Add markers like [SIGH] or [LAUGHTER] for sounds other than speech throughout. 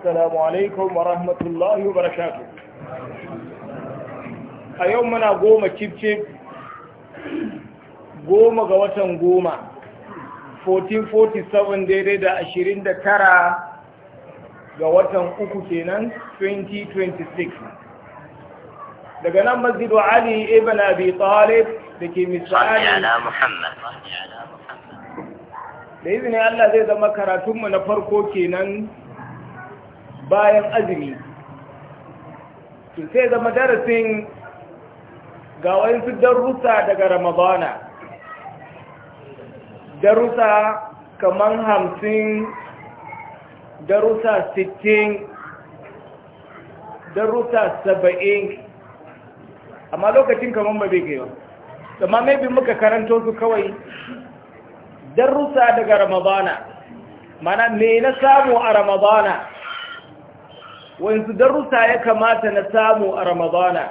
السلام عليكم ورحمة الله وبركاته a yau muna goma cif-cif goma ga watan goma 1447 daidai da 29 ga watan uku kenan 2026 daga nan masjidu ali ibn abi talib da ke misali da izini Allah zai zama karatunmu na farko kenan bayan azumi to sai zama darasin ga wasu darussa daga ramadana darussa kaman hamsin darussa sittin darussa saba'in amma lokacin kaman ba bai gaiwa amma mai muka karanto su kawai darussa daga ramadana mana me na samu a ramadana wanzu darussa ya kamata na samu a ramadana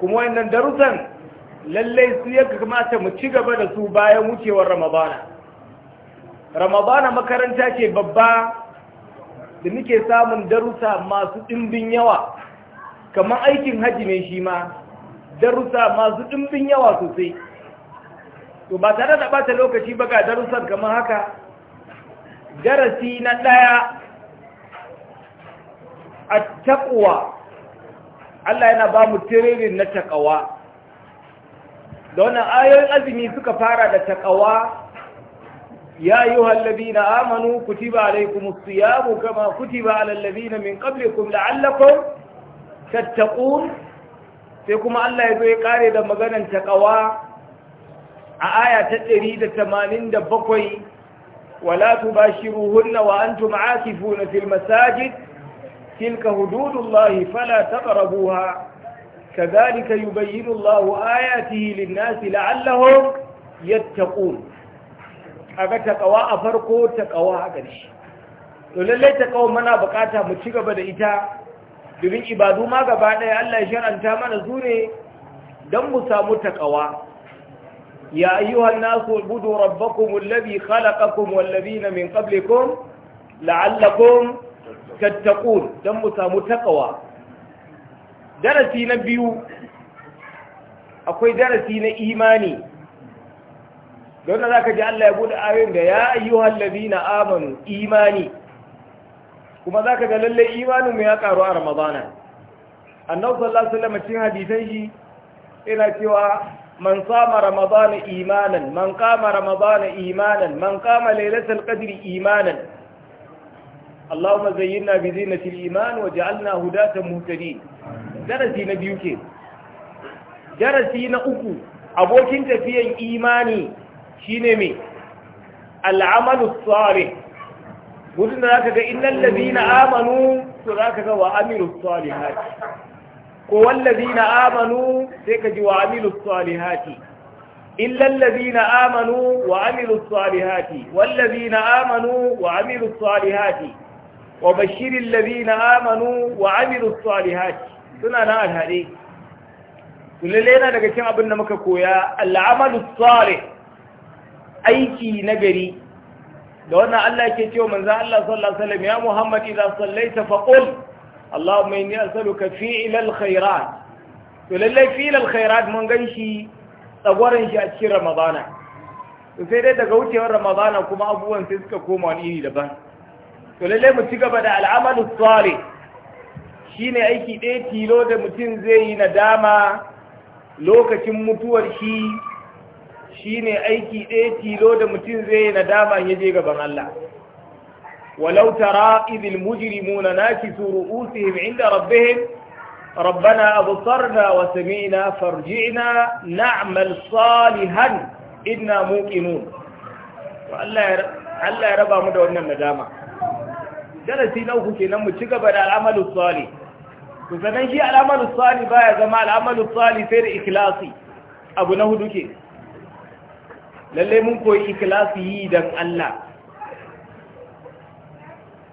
kuma wannan darussan lallai su ya kamata mu ci gaba da su bayan wucewar ramadana ramadana makaranta ce babba da muke samun darussa masu ɗimbin yawa kamar aikin hajji ne shi ma darussa masu ɗimbin yawa sosai to ba tare da ɓata lokaci ba ga darussan kamar haka darasi na ɗaya attaqwa Allah yana ba mu tiririn na takawa da wannan ayoyin azumi suka fara da taqawa ya ayyuhal ladina amanu kutiba alaykumus siyamu kama kutiba alal ladina min qablikum la'allakum tattaqun sai kuma Allah ya zo ya kare da maganan taqawa a aya ta 187 wala tubashiruhunna wa antum aakifuna fil masajid تلك ka الله فلا تقربوها كذلك يبين الله آياته للناس لعلهم يتقون aga takawa a farko takawa a ƙarshe to lallai takawa mana bukata mu ci gaba da ita domin ibadu ma gaba ɗaya Allah ya shar'anta mana su ne don mu samu takawa ya ayyuhan nasu budu rabbakum allazi khalaqakum wal ladina min qablikum la'allakum tattaqun dan mu samu takawa darasi na biyu akwai darasi na imani don da zaka ji Allah ya bude ayoyin da ya ayyuhal ladina amanu imani kuma zaka ga lalle imanin mu ya karu a ramadana annabi sallallahu alaihi wasallam cikin hadisan shi yana cewa man sama ramadana imanan man kama ramadana imanan man kama lailatul qadri imanan Allahumma zayyinna bi zinatil iman wa ja'alna hudatan muhtadin darasi na biyu darasi na uku abokin tafiyan imani shine me al'amalu salih gudun da zaka ga innal ladina amanu to zaka ga wa amanu sai wa amilu إلا الذين آمنوا وعملوا الصالحات والذين آمنوا وعملوا الصالحات wa bashirin ladina amanu wa amilu salihat suna na alhade kullale yana daga cin abin da muka koya al'amalu salih aiki na gari. da wannan Allah yake cewa manzo Allah sallallahu alaihi wasallam ya Muhammad idza sallaita faqul Allahumma inni as'aluka fi al-khairat to lalle fi'l al-khairat mun ganshi tsagwaran shi a cikin Ramadana to sai dai daga wucewar Ramadana kuma abubuwan sai suka koma wani iri daban to lallai mu ci gaba da al'amalu shi ne aiki ɗaya tilo da mutum zai yi na dama. lokacin mutuwar shi ne aiki ɗaya tilo da mutum zai yi na dama ya je gaban Allah walau tara idil mujrimuna nakisu ru'usihim inda rabbihim ربنا أبصرنا وسمعنا فارجعنا نعمل صالحا إنا موقنون الله يربى مدى ونم ندامة darasi na uku kenan mu ci gaba da al'amalu tsali, to sanan shi al'amalu salih baya zama al'amalu tsali sai da ikhlasi abu na hudu ke lalle mun koyi ikhlasi yi dan Allah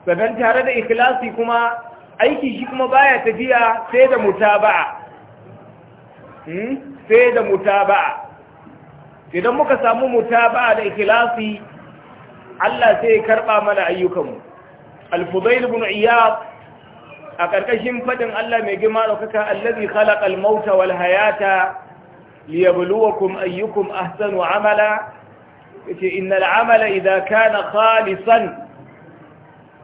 sanan tare da ikhlasi kuma aiki shi kuma baya tafiya sai da mutaba'a hmm sai da mutaba'a idan muka samu mutaba'a da ikhlasi Allah sai ya karba mana ayyukanmu al-fudail ibn a ƙarƙashin faɗin Allah mai girma ɗaukaka allazi khalaqal mauta wal hayata liyabluwakum ayyukum ahsanu amala yace innal amala idza kana khalisan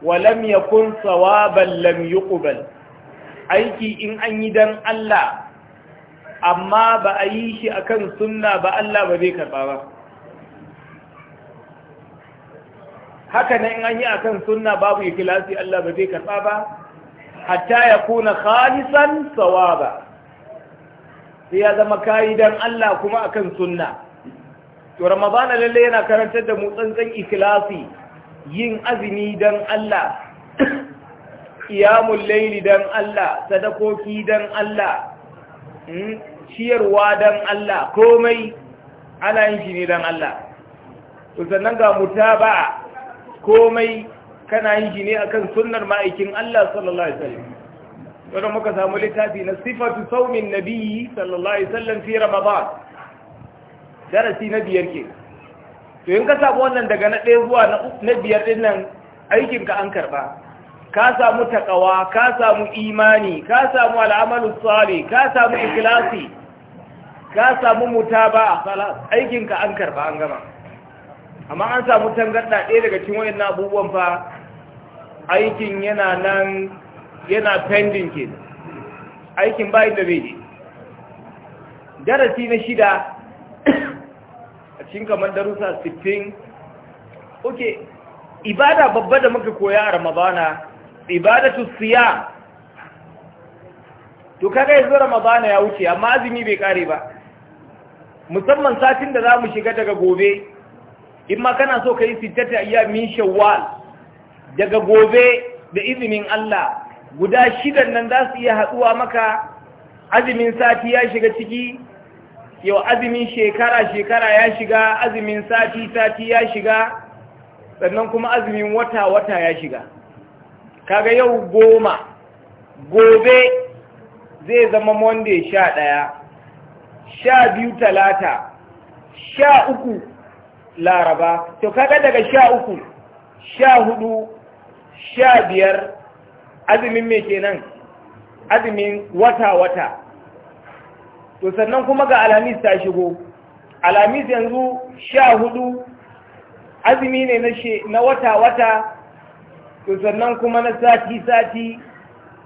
wa lam yakun sawaban lam yuqbal aiki in anyi dan Allah amma ba a yi shi akan sunna ba Allah ba zai karba ba haka nan an yi akan sunna babu ikhlasi Allah ba zai karba ba hatta ya kuna khalisan sawaba sai ya zama kayi dan Allah kuma akan sunna to ramadana lalle yana karantar da mu tsantsan ikhlasi yin azumi dan Allah [COUGHS] qiyamul layli dan Allah sadakoki dan Allah hmm, ciyarwa dan Allah komai ana yin shi ne dan Allah to sannan ga mutaba'a komai kana yin shi ne akan sunar ma'aikin Allah sallallahu alaihi wasallam muka samu littafi na sifatu saumin nabiyyi sallallahu alaihi wasallam fi ramadan darasi na biyar ke to in ka samu wannan daga na ɗaya zuwa na biyar ɗin nan aikin ka an karɓa? ka samu taƙawa, ka samu imani ka samu al'amalu salih ka samu ikhlasi ka samu mutaba aikin ka an karɓa an gama amma an samu tangarɗa ɗaya daga cikin wayannan abubuwan fa aikin yana nan yana pending ke aikin bayan da zai darasi na shida a cikin kamar darussa 16 ok ibada babba da muka koya a ramadana ibadatu siya to kaga yanzu ramadana ya wuce amma azumi bai kare ba musamman satin da za mu shiga daga gobe in ma kana so ka yi sittata iya min shawwal daga gobe da izinin Allah guda shidan nan za su iya haɗuwa maka azumin sati ya shiga ciki yau azumin shekara-shekara ya shiga azumin sati-sati ya shiga sannan kuma azumin wata-wata ya shiga kaga yau goma gobe zai zama monday sha ɗaya sha biyu talata sha uku laraba to kaga daga sha uku sha hudu sha biyar azumin me kenan azumin wata-wata to sannan kuma ga alhamis ta shigo alhamis yanzu sha hudu azumi ne na wata-wata to sannan kuma na sati-sati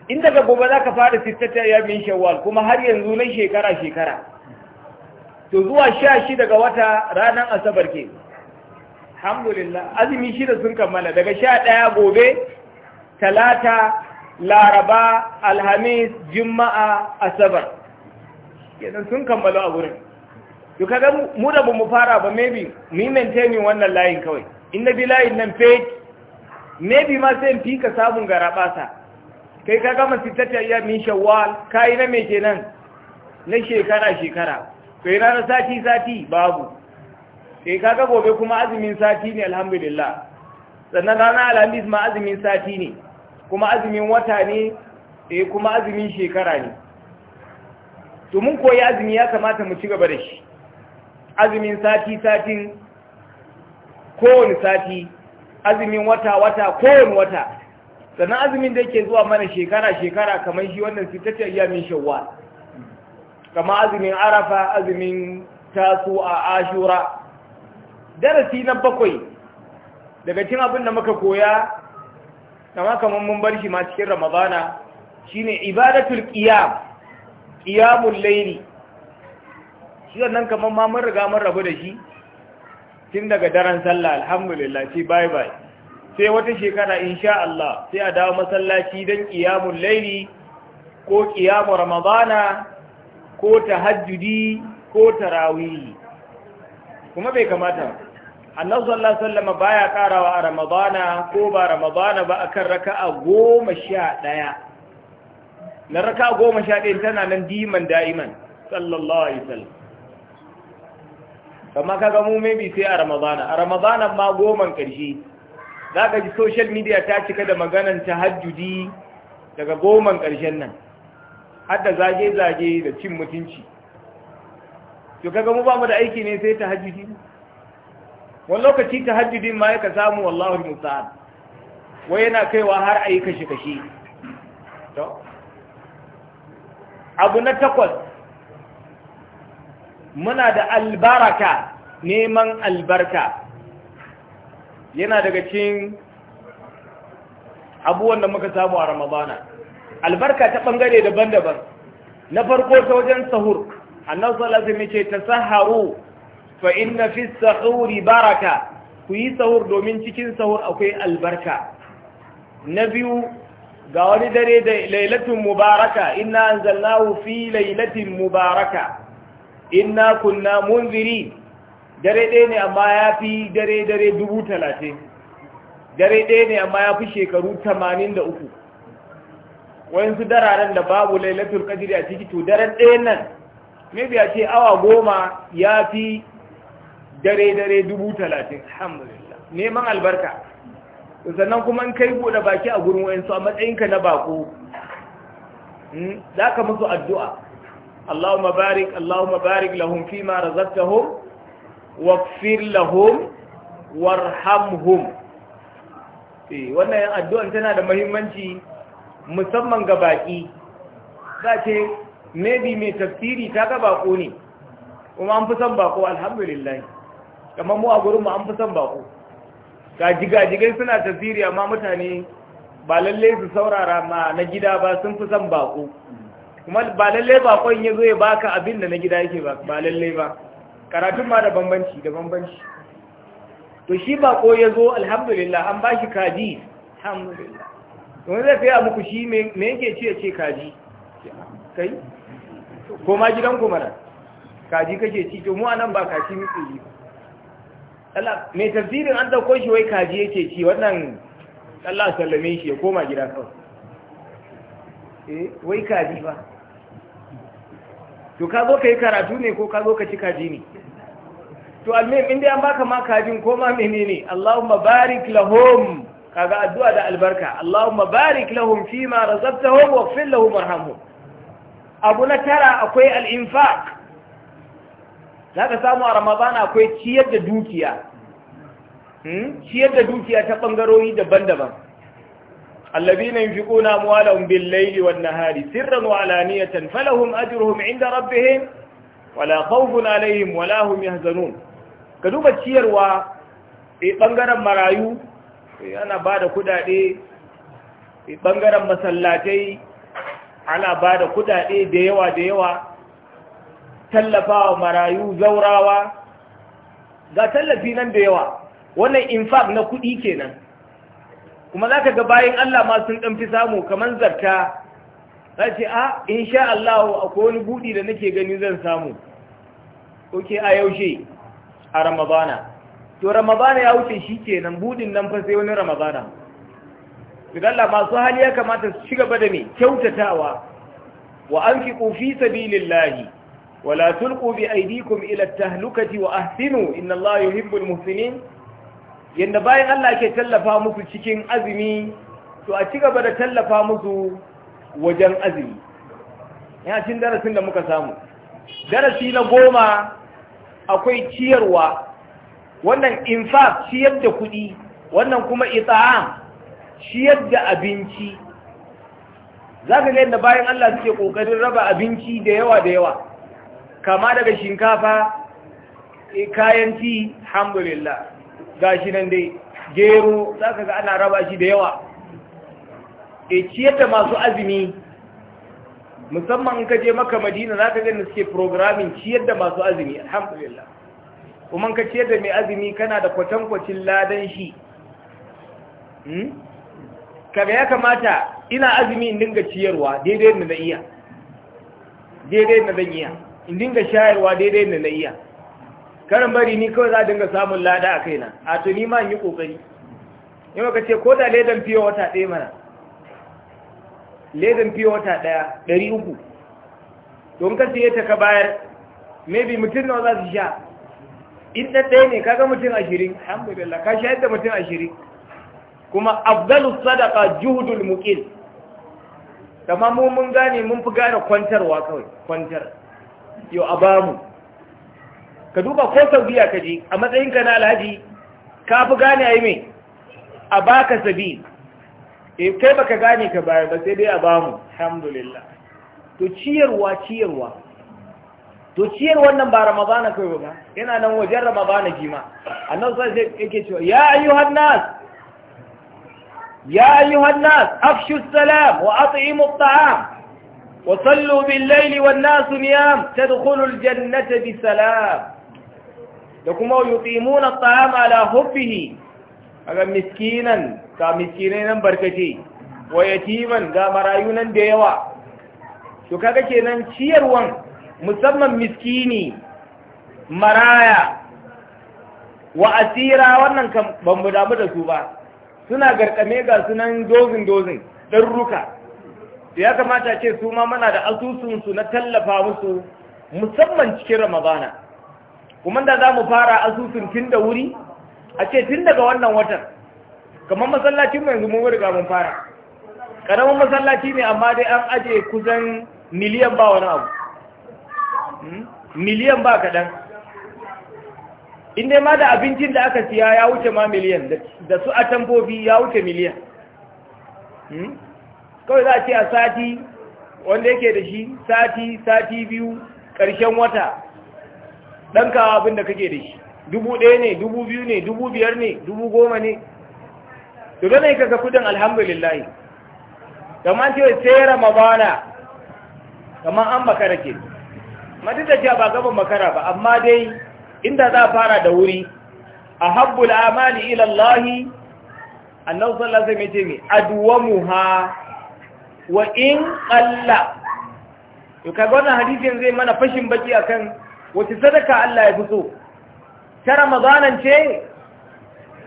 inda ga gobe za ka fara sittata ya bin shawwal kuma har yanzu na shekara-shekara to zuwa sha shida ga wata ranar asabar ke alhamdulillah azumi shida sun kammala daga sha ɗaya gobe talata laraba alhamis juma'a asabar yadda sun kammala a wurin to kaga mu da bamu fara ba maybe mu maintain wannan layin kawai inda bi layin nan fake maybe ma sai fi ka samun garabasa kai ka gama sittata ya min shawwal kai na me kenan na shekara shekara to yana na sati sati babu sai kaga gobe kuma azumin sati ne alhamdulillah sannan rana alhamis ma azumin sati ne kuma azumin wata ne eh kuma azumin shekara ne to mun koyi azumi ya kamata mu ci gaba da shi azumin sati satin kowane sati azumin wata wata kowane wata sannan azumin da yake zuwa mana shekara shekara kamar shi wannan sitacciyar yamin shawwal kama azumin arafa azumin tasu a ashura darasi na bakwai daga cin abin da muka koya kama kamar mun bar shi ma cikin ramadana shi ne ibadatul kiyam qiyamul laini shi wannan kamar ma mun riga mun rabu da shi tun daga daren sallah alhamdulillah sai bye bye sai wata shekara insha Allah sai a dawo masallaci don qiyamul laini ko qiyamu ramadana ko ta Hajjudi, ko ta rawi kuma bai kamata annabi sallallahu alaihi wasallam baya karawa a ramadana ko ba ramadana ba akan raka'a 11 na raka'a 11 tana nan diman daiman sallallahu alaihi wasallam amma kaga mu maybe sai a ramadana a ramadana ma goman karshe zaka ji social media ta cika da maganan tahajjudi daga goman karshen nan hadda zage-zage da cin mutunci to kaga mu ba mu da aiki ne sai ta hajjudi wani lokaci ta ma yaka samu wallahu musta'an wai yana kaiwa har a yi kashe-kashe to abu na takwas muna da albaraka neman albarka yana daga cin abuwan da muka samu a ramadana albarka ta bangare daban-daban na farko ta wajen sahur annabi sallallahu alaihi ce tasaharu fa inna fi sahuri baraka ku yi sahur domin cikin sahur akwai albarka na biyu ga wani dare da lailatul mubaraka inna anzalnahu fi lailatin mubaraka inna kunna munziri dare ɗaya ne amma ya fi dare dare dubu talatin dare ɗaya ne amma ya fi shekaru tamanin da uku wayansu dararen da babu lailatul qadri a ciki to daren ɗayan nan maybe a ce awa goma ya fi dare dare dubu talatin alhamdulillah neman albarka sannan kuma in kai buɗe baki a gurin wayansu a matsayinka na bako hmm, za ka musu addu'a Allahumma barik Allahumma barik lahum fi ma razaqtahum waghfir lahum warhamhum eh wannan addu'an tana da muhimmanci musamman ga baƙi za ce maybe mai tafsiri ta ga baƙo ne kuma an fi son baƙo alhamdulillah kamar mu a gurinmu an fi son baƙo gajigajigai suna tafsiri amma mutane ba lalle su saurara ma na gida ba sun fi son baƙo kuma ba lalle baƙon ya zo ya baka abin da na gida yake ba ba lalle ba karatun ma da bambanci da bambanci to shi baƙo ya zo alhamdulillah an ba shi kaji alhamdulillah wani zai a muku shi me yake ce ce kaji kai ko ma gidan kumara mana kaji kake ci to mu anan ba kaji mutu yi Allah mai tafsirin an dauko shi wai kaji yake ci wannan Allah sallame shi ya koma gida kawai eh wai kaji ba to ka zo ka yi karatu ne ko ka zo ka ci kaji ne to almuhim inda an baka ma kajin ko ma menene Allahumma barik lahum kaga addu'a da albarka Allahumma barik lahum fima razaqtahum waghfir lahum warhamhum abu na tara akwai al-infaq zaka samu a ramadana akwai ciyar da dukiya hmm ciyar da dukiya ta bangarori daban-daban alladhina yunfiquna amwalahum bil-layli wan-nahari sirran wa alaniyatan falahum ajruhum 'inda rabbihim wala khawfun 'alayhim wala hum yahzanun ka duba ciyarwa a eh, bangaren marayu ana ba da kudade ɓangaren masallatai ana ba da kudade da yawa da yawa tallafawa marayu zaurawa ga tallafi nan da yawa wannan infak na kudi kenan kuma za ka ga bayan Allah ma sun ɗan samu kamar zarta za ce a ah, sha Allah akwai wani buɗi da nake gani zan samu oke a yaushe a ramadana to ramadana ya wuce shi kenan budin nan fa sai wani ramadana Allah masu hali ya kamata su ci gaba da me kyautatawa wa anfiqu fi sabilillahi wa la tulqu bi aydikum ila tahlukati wa ahsinu inna Allaha yuhibbul muhsinin yanda bayan Allah ke tallafa musu cikin azumi to a ci gaba da tallafa musu wajen azumi Ina cin darasin da muka samu darasi na goma akwai ciyarwa wannan infaq ciyar da kuɗi wannan kuma ita'am ciyar da abinci za ka ga yadda bayan Allah suke ƙoƙarin raba abinci da yawa da yawa kama daga shinkafa e, kayan ci alhamdulillah gashi nan dai gero za ka ga ana raba shi da yawa e ciyar da masu azumi musamman in ka je maka madina za ka gani suke programin ciyar da masu azumi alhamdulillah kuma ka ciyar da mai azumi kana da kwatankwacin ladan shi hmm? kaga ya kamata ina azumi in dinga ciyarwa daidai da na iya daidai da zan iya in dinga shayarwa daidai da na iya karin bari ni kawai za a dinga samun lada a kaina a to ni ma in yi kokari yau ka ce ko da ledan fiye wata ɗaya mana ledan fiye wata ɗaya ɗari uku don ka siye ta ka bayar maybe mutum na za su sha in da ɗaya ne kaga mutum ashirin alhamdulillah ka shayar da mutum ashirin kuma abdalu sadaka juhudul muqil kama mu mun gane mun fi gane kwantarwa kawai kwantar yau a bamu ka duba ko saudiya ka je a matsayinka na alhaji ka fi gane ayi mai a baka sabi e eh, kai baka gane ka bayar ba sai dai a bamu alhamdulillah to ciyarwa ciyarwa to ciyar wannan ba ramadana kai ba yana nan wajen ramadana shi ma annabi sai yake cewa ya ayyuhan nas ya ayyuhan afshu salam wa at'imu at'am wa sallu bil layli wan nas niyam tadkhulul jannata bi salam da kuma yutimuna at'am ala hubbihi aga miskinan ka miskinai nan barkace wa yatiman ga marayu nan da yawa to kaga kenan ciyarwan musamman miskini maraya wa asira wannan kan ban mu damu da su ba suna garkame ga sunan dozin dozin ɗarruka ya kamata ce su ma muna da asusunsu na tallafa musu musamman cikin ramadana kuma da za mu fara asusun tun da wuri a ce tun daga wannan watan kamar masallacin mai zumun riga mun fara ƙaramin masallaci ne amma dai an aje kusan miliyan ba wani abu miliyan ba kaɗan inda ma da abincin da aka siya ya wuce ma miliyan da su a tambobi ya wuce miliyan hmm? kawai za a ce a sati wanda yake da shi sati sati biyu ƙarshen wata ɗan kawo abin da kake da shi dubu ɗaya ne dubu biyu ne dubu biyar ne dubu goma ne Da gane ka ga kudin alhamdulillahi kamar cewa sai mabana kamar an maka da ke madida ce ba gaban makara ba amma dai inda za fara da wuri a habbul amali ilallahi annabi sallallahu alaihi ce mai ce ha wa in Allah. to kaga wannan hadisin zai mana fashin baki akan wace sadaka Allah ya fi so ta ramazanan ce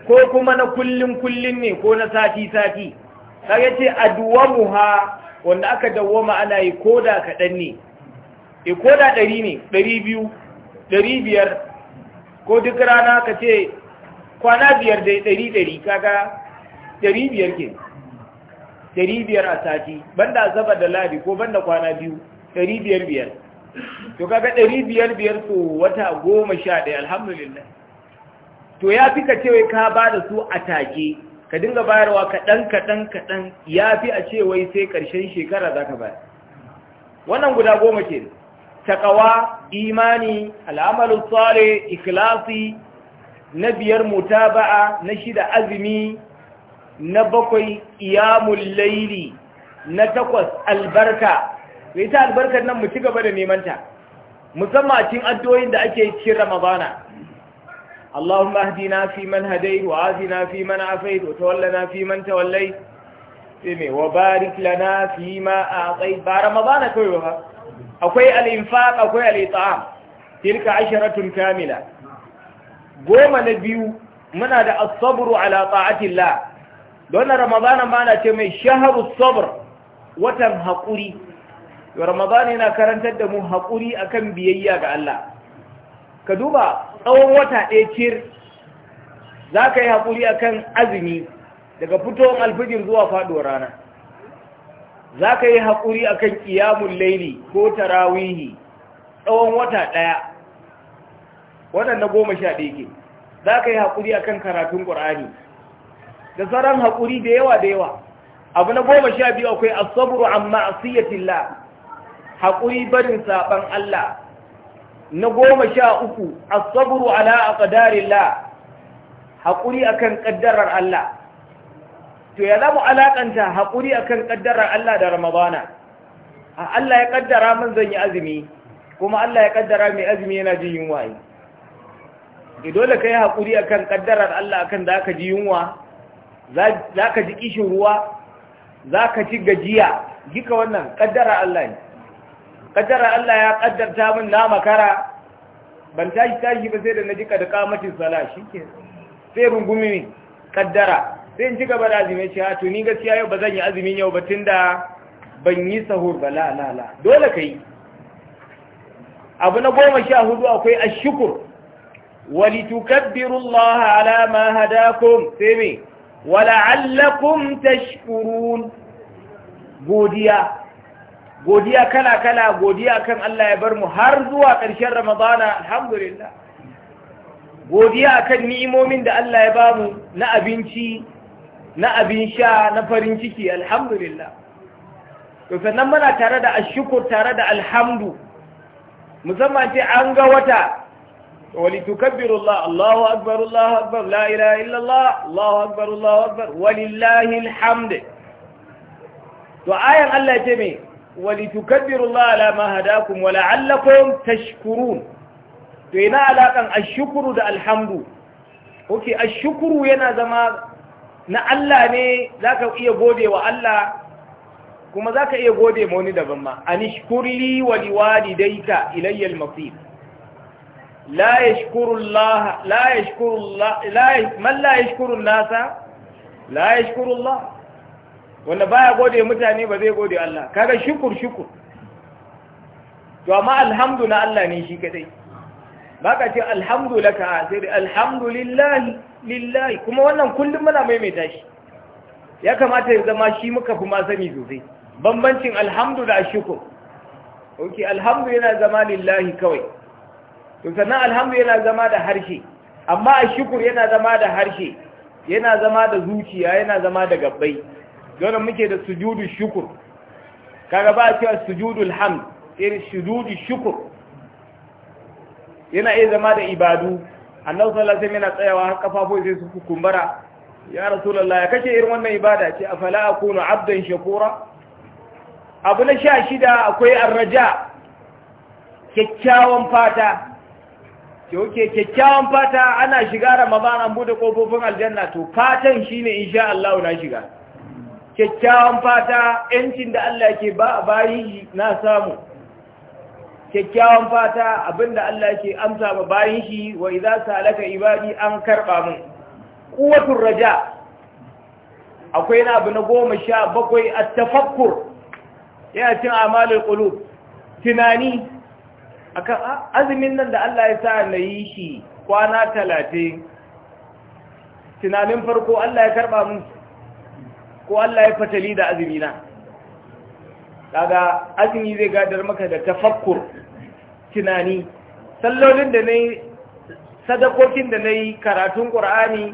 ko kuma na kullum-kullum ne ko na sati sati yace ce muha wanda aka dawo ana yi da kaɗan ne e ko da ɗari ne ɗari biyu ɗari biyar ko duk rana ka ce kwana biyar da ɗari ɗari kaga ɗari biyar ke ɗari biyar a sati banda asaba da labi ko banda kwana biyu ɗari biyar biyar to kaga ɗari biyar biyar so wata goma sha ɗaya alhamdulillah to ya fi ka cewa ka ba da su a take ka dinga bayarwa kaɗan kaɗan kaɗan ya fi a ce wai sai ƙarshen shekara za ka bayar wannan guda goma ke Taƙawa, imani al'amalu salih ikhlasi na biyar mutaba'a na shida azumi na bakwai iyamun laili na takwas albarka Ko ta albarkar nan mu ci gaba da nemanta. ta musamman cikin addu'o'in da ake cikin ramadana اللهم اهدنا فيمن هديت وعافنا فيمن عافيت وتولنا فيمن توليت وبارك لنا فيما أعطيت ba Ramadana kawai ba akwai al akwai al tilka asharatun kamila goma na biyu muna da asabru sabru ala ta'atillah don ramadana ba na ce mai shaharu sabr watan haƙuri ramadana yana karantar da mu haƙuri akan biyayya ga Allah ka duba tsawon wata ɗaya cir za ka yi haƙuri akan azumi daga fitowar alfijir zuwa faɗuwar rana za ka yi haƙuri a kan ƙiyamun laili ko tarawihi tsawon wata ɗaya waɗanda goma sha ɗaya ke za ka yi haƙuri a kan karatun ƙur'ani da sauran haƙuri da yawa da yawa abu na goma sha biyu akwai asabru an la haƙuri barin saɓan Allah na goma sha uku asabru ala la haƙuri akan ƙaddarar Allah to ya za mu alakanta haƙuri akan ƙaddarar Allah da Ramadana Allah ya ƙaddara min zan yi azumi kuma Allah ya ƙaddara mai azumi yana jin yunwa yi ki dole ka yi haƙuri akan ƙaddarar Allah akan za ka ji yunwa za ka ji kishin ruwa za ka ci gajiya gika wannan ƙaddarar Allah ne ƙaddarar Allah ya ƙaddarta min na makara ban tashi tashi ba sai da na ji kadaka matin sala shi ke sai rungumi ne ƙaddara sai in ci gaba da azumi ce ah, to ni gaskiya yau ba zan yi azumin yau ba tunda ban yi sahur ba la la la dole kai abu na goma sha hudu akwai ashukur walitukabbirullaha ala ma hadakum sai me wala'allakum tashkurun godiya godiya kala kala godiya kan Allah ya bar mu har zuwa ƙarshen Ramadana alhamdulillah godiya akan ni'imomin da Allah ya bamu na abinci na abin sha na farin ciki alhamdulillah to sannan muna tare da ashukur tare da alhamdu musamman ce an ga wata ولتكبروا Allahu الله Allahu الله la ilaha illallah Allahu الله Allahu أكبر الله أكبر To الحمد وآية الله جميع ولتكبروا الله على ما هداكم ولعلكم tashkurun. to ina alaƙan ashukuru da alhamdu ok ashukuru yana zama na Allah ne za ka iya gode wa Allah kuma za ka iya gode ma wani daban ma a nishkurli wa liwalidaika ilayyal masir la yashkuru Allah la ya Allah nasa man la ya nasa Allah wanda baya gode mutane ba zai gode Allah kaga shukur shukur to amma alhamdu na Allah ne shi kadai ba ka ce alhamdulaka sai da alhamdulillahi lillahi kuma wannan kullum muna maimaita shi ya kamata ya zama shi muka fi ma sani sosai bambancin alhamdu da shukur ok alhamdu yana zama lillahi kawai to sannan alhamdu yana zama da harshe amma a shukur yana zama da harshe yana zama da zuciya yana zama da gabbai dole muke da sujudu shukur kaga ba a cewa sujudul hamd sujudu shukur yana iya zama da ibadu annabi sallallahu alaihi yana tsayawa har kafafu sai su kumbura ya rasulullahi ya kace irin wannan ibada ce afala akunu abdan shakura abu na sha shida akwai arraja kyakkyawan fata ke kyakkyawan fata ana shiga ramadan an bude kofofin aljanna to fatan shine insha Allah na shiga kyakkyawan fata yancin da Allah yake ba bayi na samu kyakkyawan fata abinda Allah yake amsa ba bayan shi wa idza salaka ibadi an karba mun quwwatur raja akwai na abu na goma sha bakwai at-tafakkur yana cin amalul qulub tunani akan ah, azumin nan da Allah ya sa na yi shi kwana 30 tunanin farko Allah ya karba mun ko Allah ya fatali da azumina kaga azumi zai gadar maka da tafakkur tunani sallolin da nayi sadakokin da nayi karatun qur'ani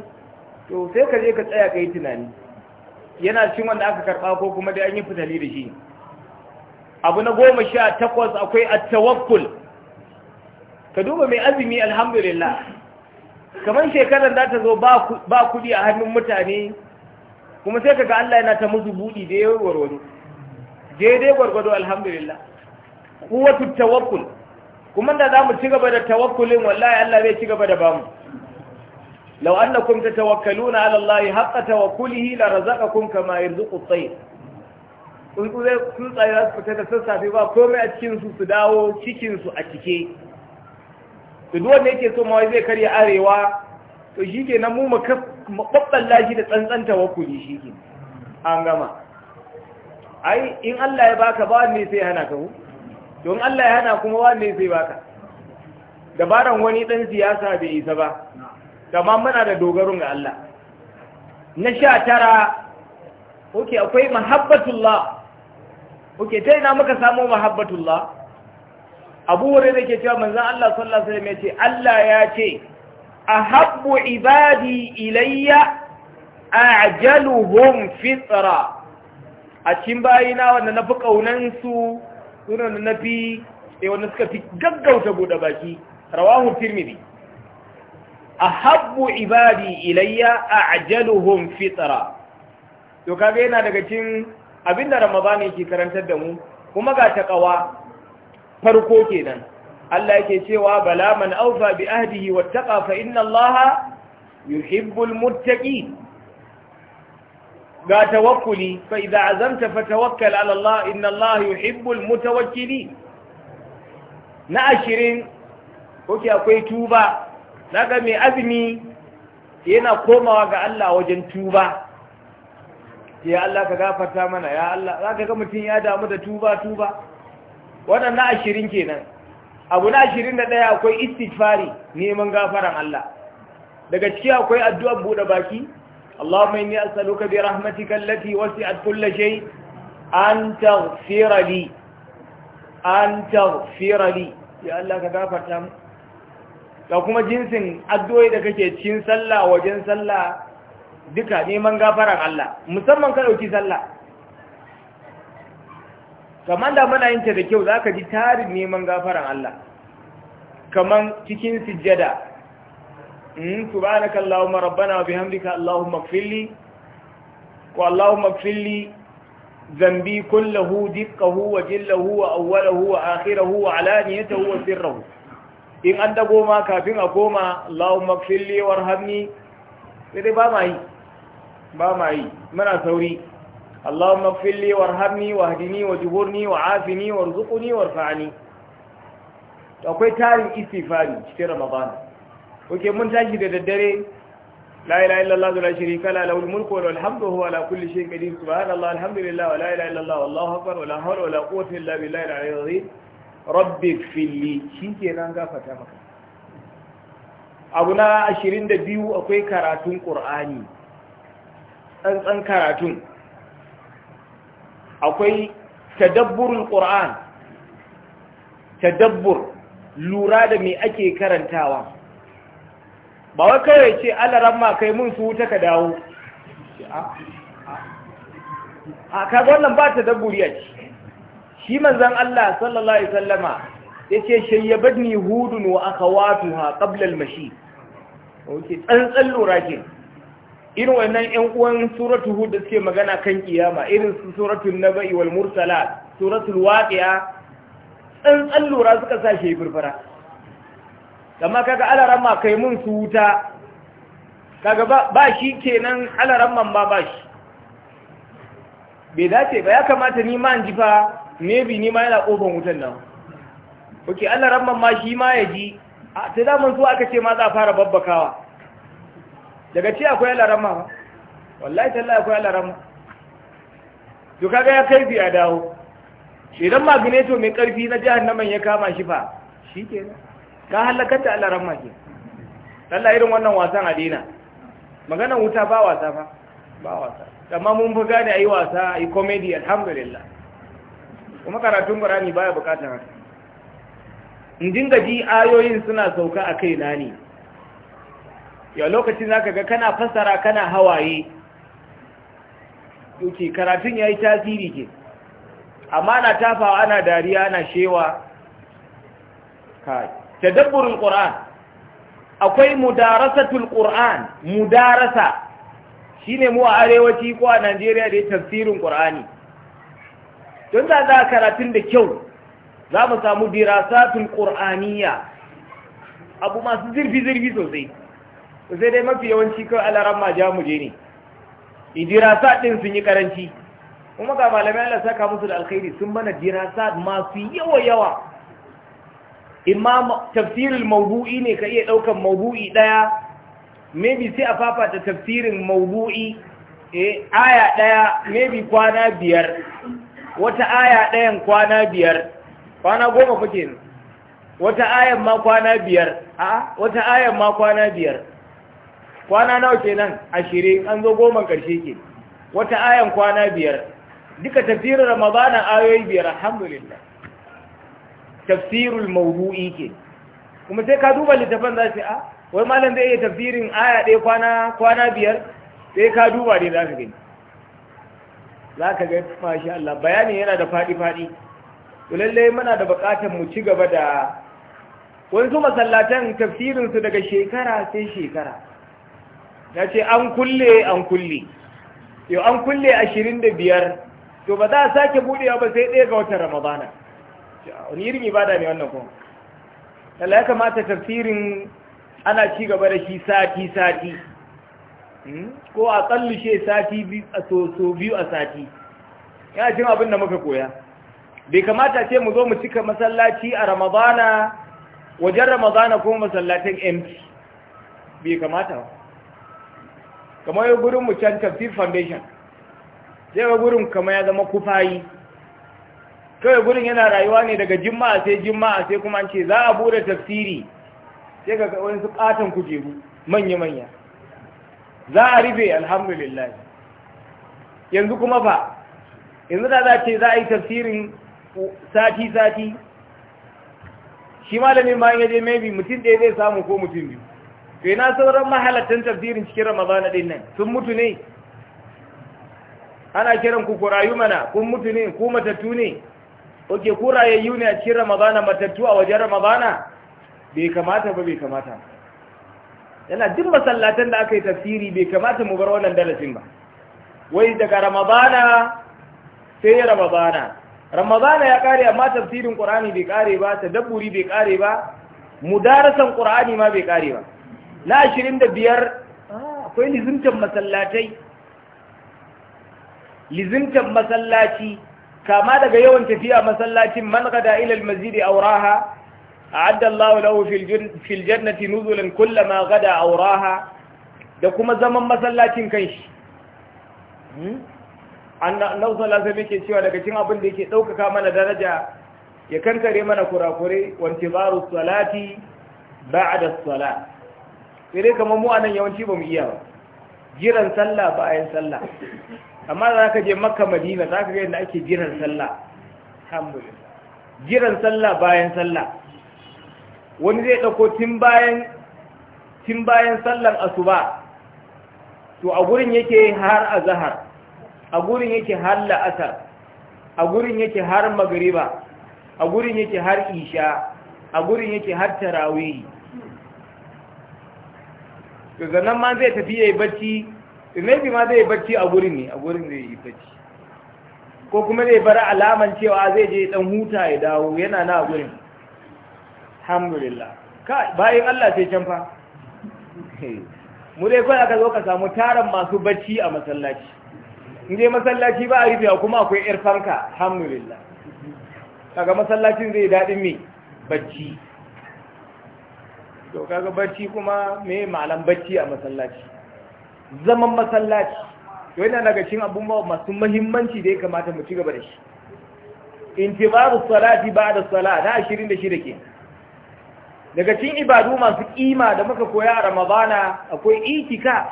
to sai ka je ka tsaya kai tunani yana cin wanda aka karba ko kuma dai an yi fitali da shi abu na goma sha takwas akwai at-tawakkul ka duba mai azumi alhamdulillah kamar shekarar da ta zo ba kudi a hannun mutane kuma sai kaga Allah yana ta musu budi da yawar wani daidai gwargwado alhamdulillah kuwatu tawakkul kuma da zamu ci gaba da tawakkulin wallahi Allah zai ci gaba da bamu law annakum tatawakkaluna ala Allah haqqa tawakkulihi la razaqakum kama yarzuqu at-tayr kun kuzai kun tsaya su fita da sassafe ba komai a cikin su su dawo cikin su a cike to duk wanda yake so ma zai karya arewa to na mu mu babballa shi da tsantsan tawakkuli shike an gama ai in Allah ya baka ba wanne sai hana ka To in Allah ya hana kuma wanne sai baka dabaran wani dan siyasa bai isa ba amma muna da dogaron ga Allah na sha tara oke akwai mahabbatullah oke ta ina muka samu mahabbatullah abu wurin da ke cewa manzan Allah sallallahu alaihi wasallam ya ce Allah ya ce ahabbu ibadi ilayya a'jaluhum fitra a cikin bayina wanda na fi ƙaunansu suna da na fi eh, wanda suka fi gaggauta buɗe baki rawahu tirmidhi ahabbu ibadi ilayya a'jaluhum fitra to kaga yana daga cikin abinda ramadan yake karantar da mu kuma ga taqwa farko kenan Allah yake cewa bala man awfa bi ahdihi wattaqa fa inna Allah yuhibbul muttaqin ga tawakkuli fa idza azamta fatawakkal ala Allah inna Allah yuhibbul mutawakkili na ashirin ki akwai tuba daga mai azmi yana komawa ga Allah wajen tuba ya Allah ka gafarta mana ya Allah zaka ga mutum ya damu da tuba tuba wannan na ashirin kenan abu na ashirin da daya akwai istighfari neman gafaran Allah daga ciki akwai addu'ar buɗe baki اللهم إني أسألك برحمتك التي وسعت كل شيء أن تغفر لي أن تغفر لي يا الله كغفر تام لو كما جنس أدوي دك تشين سلا وجن سلا دكا نيمان غفر الله مسمى كدوكي سلا kamar da muna yin ta da kyau za ka ji tarin neman gafaran Allah kamar cikin sujjada سبحانك اللهم ربنا وبحمدك اللهم اغفر لي واللهم اغفر لي ذنبي كله دقه وجله وأوله وآخره وعلانيته وسره in an dago ma kafin a koma Allahumma filli warhamni ba ma yi ba ma yi muna sauri Allahumma filli warhamni wahdini wajhurni wa'afini warzuqni warfa'ni akwai tarin istighfari cikin Ramadan oke mun tashi da daddare la ilaha illallah wa la sharika la lahul mulku wa lahul hamdu huwa ala kulli shay'in qadir subhanallah alhamdulillah wa la ilaha illallah wallahu akbar wa la hawla wa la quwwata illa billahi al-aliyyil azim rabbik filli shikenan gafata maka abu 22 akwai karatun qur'ani tsantsan karatun akwai tadabburul qur'an tadabbur lura da me ake karantawa ba wai kawai ce Allah ramma kai mun su wuta ka dawo a kaga wannan ba ta dabburi a ci shi manzon Allah sallallahu alaihi wasallama yace ni hudun wa akhawatuha qabla al-mashi oke tsantsan lura ke irin wannan ƴan uwan suratu hud da suke magana kan kiyama irin su suratul naba'i wal mursalat suratul waqi'a tsantsan lura suka sa shi amma kaga ma kai mun su wuta kaga ba shi kenan alaramman ba ba shi bai dace ba ya kamata ni ma an ji fa bi ni ma yana kofan wutan nan oke alaramman ma shi ma ya ji a ta daman su aka ce ma za a fara babbakawa daga ce akwai alaramma ba wallahi tallahi akwai ma. to kaga ya kai ya dawo idan magneto mai karfi na jihar naman ya kama shi fa shi kenan ka halakar da Allah ran ke Allah irin wannan wasan a daina maganar wuta ba wasa fa ba wasa amma mun fi gane ayi wasa ayi comedy alhamdulillah kuma karatun Qur'ani baya bukatar haka in dinga ji ayoyin suna sauka a kai na ne ya lokacin zaka ga kana fasara kana hawaye yake karatun yayi tasiri ke amma na tafawa ana dariya ana shewa kai tadabburul qur'an akwai mudarasatul qur'an mudarasa shine mu a arewaci ko a Najeriya da tafsirin qur'ani don da za karatun da kyau za mu samu dirasatul qur'aniyya abu masu zirfi zirfi sosai sai dai mafi yawanci kawai alaran ma ne idirasa din sun yi karanci kuma ga malamai Allah saka musu da alkhairi sun mana dirasa masu yawa yawa imma tafsirin mawdu'i ne ka iya ɗaukan mawdu'i ɗaya maybe sai a fafata tafsirin mawdu'i eh aya ɗaya maybe kwana biyar wata aya ɗayan kwana biyar kwana goma kuke kenan wata ayan ma kwana biyar a wata ayan ma kwana biyar kwana nawa kenan ashirin an zo goma ƙarshe ke wata ayan kwana biyar duka tafsirin ramadana ayoyi biyar alhamdulillah tafsirul mawdu'i ke kuma sai ka duba littafin za su a ah, wai malam zai iya tafsirin aya ɗaya kwana kwana biyar sai ka duba ne za ka gani za ka ga masha Allah bayanin yana da faɗi faɗi to lallai muna da buƙatar mu ci gaba da wanzu masallatan tafsirin su daga shekara sai shekara ya ce an kulle an kulle yau an kulle ashirin da biyar to ba za a sake buɗewa ba sai ɗaya ga watan ramadana wani irin ibada ne wannan kuma tala ya kamata tafsirin ana ci gaba da shi sati-sati hmm? ko a tsallushe sati so biyu a sati ya cin abin da muka koya bai kamata ce mu zo mu cika masallaci a ramadana wajen ramadana kuma masallacin mt bai kamata ba kamar yi gurin mu can tafsir foundation zai wa gurin kama ya zama kufayi kawai gurin yana rayuwa ne daga jima'a sai jima'a sai kuma an ce za a bude tafsiri sai ga wani su katon kujeru manya-manya za a rufe alhamdulillah yanzu kuma fa yanzu da za ce za a yi tafsirin sati-sati shi malamin ma yaje maybe mutum ɗaya zai samu ko mutum biyu to ina sauran mahalattan tafsirin cikin ramadana ɗin nan sun mutu ne ana kiran ku ku rayu mana kun mutu ne ku matattu ne oke ko rayayyu ne a cikin ramadana matattu a wajen ramadana bai kamata ba bai kamata yana duk masallatan da aka yi tafsiri bai kamata mu bar wannan darasin ba wai daga ramadana sai ramadana ramadana ya kare amma tafsirin qur'ani bai kare ba ta dabburi bai kare ba mudarasan qur'ani ma bai kare ba na 25 akwai lizimtar masallatai lizimtar masallaci kama daga yawan tafiya masallacin man gada ila almasjidi awraha a'adda Allahu lahu fil jannati nuzulan kullama gada raha da kuma zaman masallacin kanshi hmm? annabi sallallahu alaihi yake cewa daga cikin abin da yake daukaka mana daraja ya kankare mana kurakure wantibaru salati ba'da salat sai kamar mu anan yawanci bamu iya ba jiran sallah bayan sallah amma za ka je makka madina za ka ga yadda ake jiran sallah jiran sallah bayan sallah wani zai ɗauko tun bayan tun sallar asuba to a gurin yake har Azahar, a gurin yake har la'asar a gurin yake har magariba a gurin yake har isha a gurin yake har tarawih to zanan ma zai tafi yi bacci maybe ma zai bacci a gurin ne a gurin zai yi bacci ko kuma zai bar alaman cewa zai je dan huta ya dawo yana na gurin alhamdulillah ka bayan Allah sai can fa mu dai kai aka zo ka samu taron masu bacci a masallaci in dai masallaci ba a rufe kuma akwai yar fanka alhamdulillah kaga masallacin zai dadin me bacci to kaga bacci kuma me malam bacci a masallaci zaman masallaci yana daga cikin abubuwa masu mahimmanci da ya kamata mu ci gaba da shi intibaru salati ba'da salat na 26 ke daga cikin ibadu masu kima da muka koya a ramadana akwai itika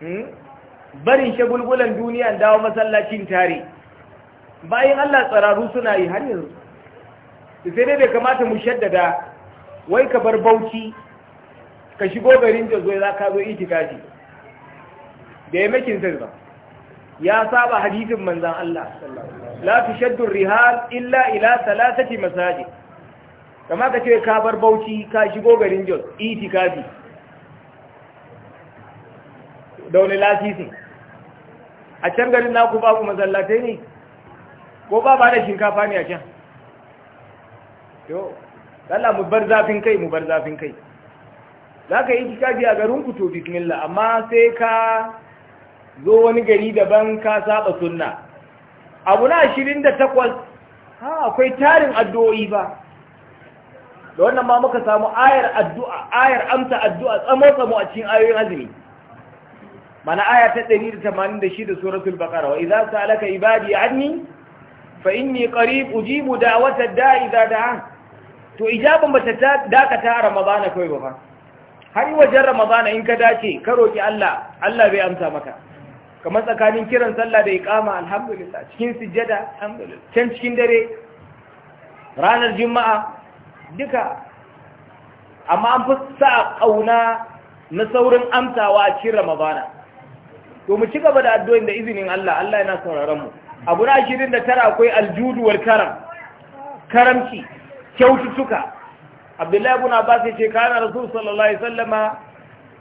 hmm? barin shagulgulan duniya dawo masallacin tare bayan Allah tsararu suna yi har yanzu sai dai bai kamata mu shaddada wai ka bar bauchi ka shigo garin da zo za ka zo itikafi ya makin sai ba ya saba hadisin manzan Allah la tushaddu rihal illa ila thalathati masajid kama ka ce ka bar bauchi ka shigo garin Jos itikafi da wani lasisi a can garin naku babu masallatai ne ko ba ba da shinkafa ne a can to Allah mu bar zafin kai mu bar zafin kai za ka yi itikafi a garin ku to bismillah amma sai ka zo wani gari daban ka saba sunna abu na ashirin da takwas ha akwai tarin addu'o'i ba da wannan ma muka samu ayar addu'a ayar amsa addu'a tsamo tsamo a cikin ayoyin azumi mana aya ta 186 suratul baqara wa idza sa'alaka ibadi anni fa inni qarib ujibu da'wata da'i idza da'an to ijaban bata dakata a ramadana kai ba fa. har wajen ramadana in ka dace ka roki Allah Allah bai amsa maka kamar tsakanin kiran sallah da iqama alhamdulillah cikin sujjada alhamdulillah can cikin dare ranar juma'a duka amma an fi sa kauna na saurin amtawa a cikin ramadana to mu ci gaba da addu'o'in da izinin Allah Allah yana sauraron mu abu na 29 akwai aljudu wal karam karamci kyaututtuka abdullahi ibn abbas ya ce kana rasul sallallahu alaihi wasallama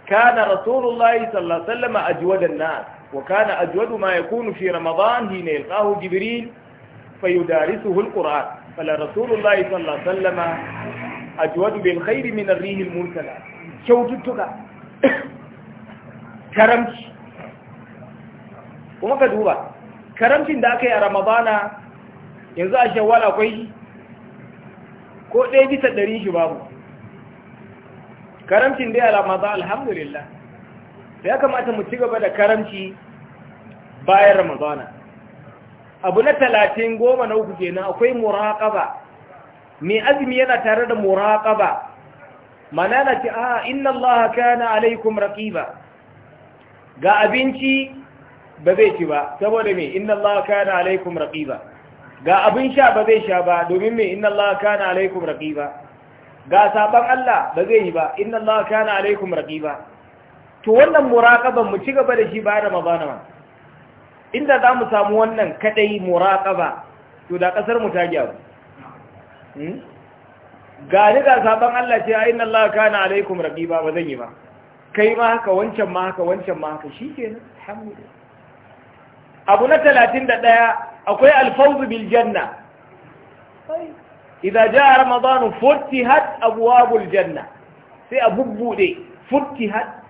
kana rasulullahi sallallahu alaihi wasallama ajwadan nas وكان أجود ما يكون في رمضان حين يلقاه جبريل فيدارسه القرآن فلرسول الله صلى الله عليه وسلم أجود بالخير من الريح المرسلة شوتتك كرمش kuma ka duba karamcin da aka yi a yanzu a shawwal akwai ko ɗaya bisa ɗari shi babu karamcin dai a alhamdulillah ya kamata mu ci gaba da karamci bayan ramadana abu na talatin goma na uku kenan akwai muraƙaba mai azumi yana tare da muraƙaba mana na ce a ah, inna Allah na alaikum raqiba ga abinci ba zai ci ba saboda me inna Allah na alaikum raqiba ga abin sha ba zai sha ba domin me inna Allah na alaikum raqiba ga saban Allah ba zai yi ba inna Allah na alaikum raqiba to wannan muraqaban mu ci gaba da shi ba Ramadan ma inda za mu samu wannan kadai muraƙaba to da ƙasar mu ta gyaru hmm? gani da sabon Allah ce ayin Allah kana alaikum raqiba ba zan yi ba kai ma haka wancan ma haka wancan ma haka shikenan alhamdulillah abu na 31 akwai alfawz bil janna idza jaa ramadan futihat abwabul janna sai abubbude futihat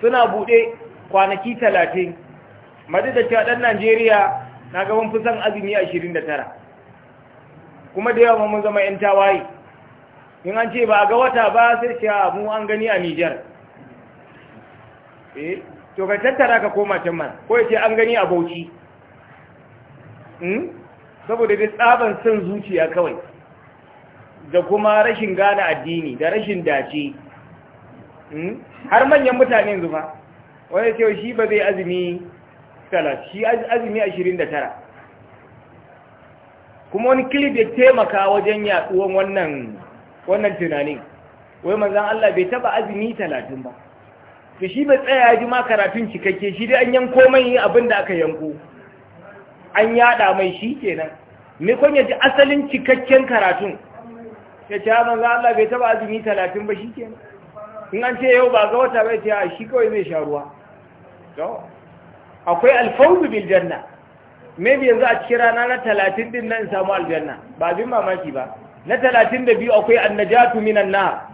suna bude kwanaki 30 madu da cewa ɗan najeriya na gaban fusan azumi ashirin da tara kuma da yawa mun zama yan tawaye in an ce ba a ga wata ba sai cewa ah, mu an gani a nijar eh to ka tattara ka koma can man ko ya ce an gani a bauchi hmm? saboda da tsaban son zuciya kawai da kuma rashin gane addini da rashin dace hmm? har manyan mutane yanzu fa wani ce shi ba zai azumi mushkala shi azumi 29 kuma wani kilif ya taimaka wajen yaduwan wannan wannan tunanin wai manzan Allah bai taba azumi 30 ba to shi bai tsaya ji ma karatun cikakke shi dai an yanko mai abin da aka yanko an yada mai shi kenan me kun yaji asalin cikakken karatun ya ce ah, manzan Allah bai taba azumi 30 ba shi kenan in an ce yau ba ga wata bai ce ah, shi kawai zai sha ruwa akwai alfawu bil janna maybe yanzu a cikin rana na talatin din nan samu aljanna ba abin mamaki ba na talatin biyu akwai annajatu minan nar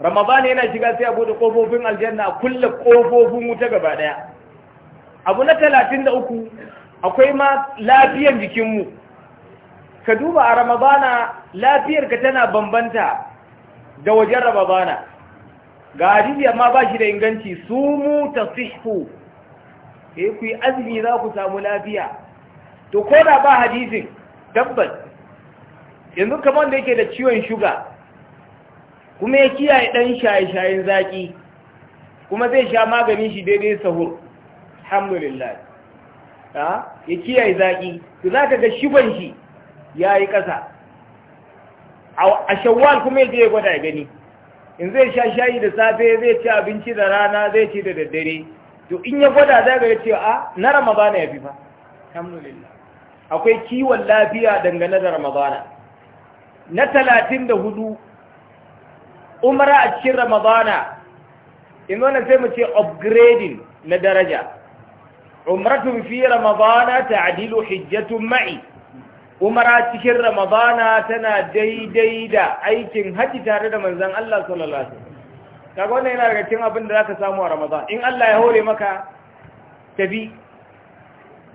ramadan yana shiga sai a bude kofofin aljanna a kulle kofofin wuta gaba daya abu na talatin uku akwai ma jikin mu ka duba a ramadana ka tana bambanta da wajen ramadana ga hadisi amma ba shi da inganci sumu tasihhu eh ku yi azumi za ku samu lafiya to ko da ba hadisin tabbas yanzu kamar wanda yake da ciwon shuga kuma ya kiyaye dan shaye-shayen zaki kuma zai sha maganin shi daidai sahur alhamdulillah ya kiyaye zaki to zaka ga shugan shi yayi kasa a shawwal kuma yaje ya gwada gani in zai sha shayi da safe zai ci abinci da rana zai ci da daddare to in ya gwada za ga ya ce a na ramadana ya fi fa alhamdulillah akwai kiwon lafiya dangane da ramadana na talatin da hudu umara a cikin ramadana in wannan sai mu ce upgrading na daraja umratun fi ramadana ta adilu hijjatun ma'i umara cikin ramadana tana daidai da aikin haji tare da manzan Allah sallallahu alaihi kaga wannan yana daga cikin abin da zaka samu a Ramadan in Allah ya hore maka bi.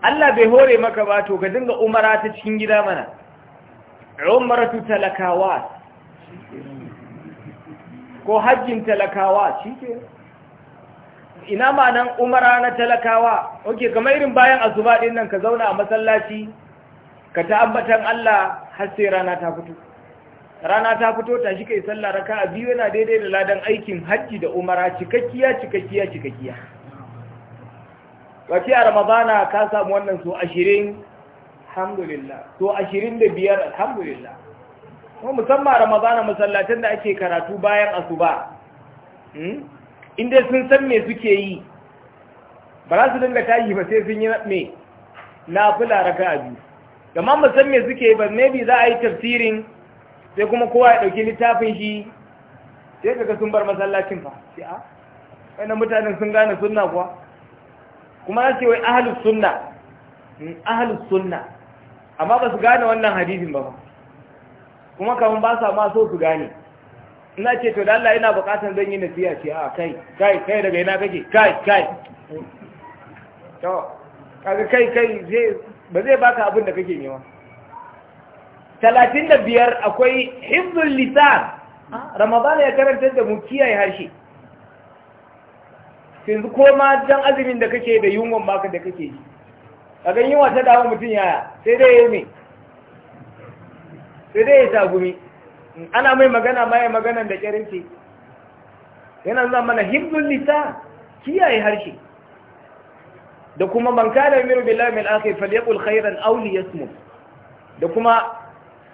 Allah bai hore maka ba to ka dinga umara ta cikin gida mana umaratu talakawa ko hajjin talakawa shike ina ma'anan umara na talakawa oke kamar irin bayan azuba din nan ka zauna a masallaci ka ta ambatan Allah har sai rana ta fito rana ta fito ta shi kai sallah raka a biyu yana daidai da ladan aikin hajji da umara cikakkiya cikakkiya cikakkiya wace a ramadana ka samu wannan so ashirin alhamdulillah so ashirin da biyar alhamdulillah kuma musamman ramadana masallatan da ake karatu bayan asuba hmm? inda sun san me suke yi ba za su dinga tashi ba sai sun yi me na fula raka a biyu gama musamman suke ba maybe za a yi tafsirin sai kuma kowa ya ɗauki littafin shi sai kaga sun bar masallacin fa sai a ah, wannan mutanen sun gane sunna kuwa kuma na ce wai ahlus sunna hmm, ahlus sunna amma ba su gane wannan hadisin ba kuma kaman ba sa ma so su gane ina ce to da Allah ina bukatar zan yi nasiha ce a ah, kai kai kai daga ina kake kai kai to kaga kai kai zai ba zai baka abin da kake nema talatin da biyar akwai hifzul lisan ah, ramadan ya karanta da mu kiyaye harshe yanzu ko ma dan azumin da kake da yunwan baka da kake yi a ganin yunwa ta dawo mutum yaya sai dai ya yi sai dai ya tagumi ana mai magana ma ya maganan da kyarinci yana zan mana hibdul lisa kiyaye harshe da kuma man kana yu'minu billahi wal akhir khairan Auli, liyasmut da kuma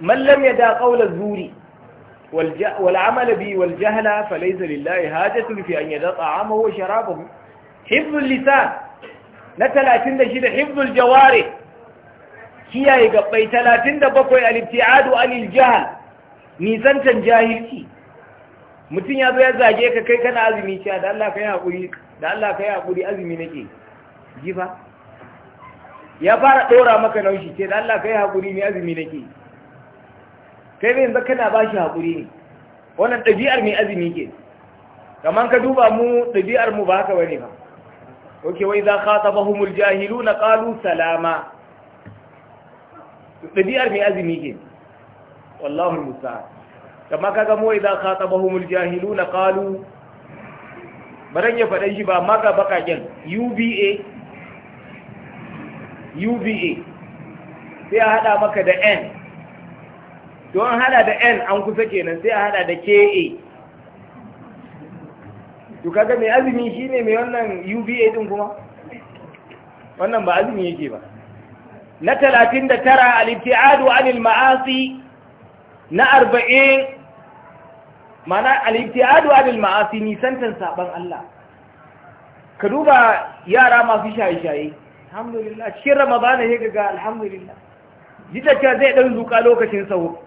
Mallam ya da qawla zuri والعمل به والجهل فليس لله حاجة في أن يدع طعامه وشرابه حفظ اللسان نتلاتين دا شده حفظ الجوارح kiyaye gabbai talatin da bakwai alibti'adu anil jahal nisantan jahilci mutum ya zo ya zage ka kai kana azumi cewa da Allah ka yi haƙuri azumi nake jifa ya fara ɗora maka naushi ce da Allah ka yi haƙuri ne azumi nake kai ne yanzu na ba shi haƙuri ne wannan ɗabi'ar mai azumi ke kamar ka duba mu ɗabi'ar mu ba haka bane ba oke wai za ka taba humul jahilu na ƙalu salama ɗabi'ar mai azumi ke wallahun musa kamar ka gamo wai za ka taba humul jahilu na ƙalu baran ya faɗa shi ba maka bakaƙen uba uba sai a haɗa maka da n don hada da n an kusa kenan sai a hada da ka to kaga mai azumi shine mai wannan uba din kuma wannan ba azumi yake ba na talatin da tara al-ibtiadu anil ma'asi na arba'in mana al-ibtiadu anil ma'asi santan saban Allah ka duba yara masu shaye-shaye alhamdulillah cikin ramadana ya ga alhamdulillah ce zai dan zuka lokacin sahur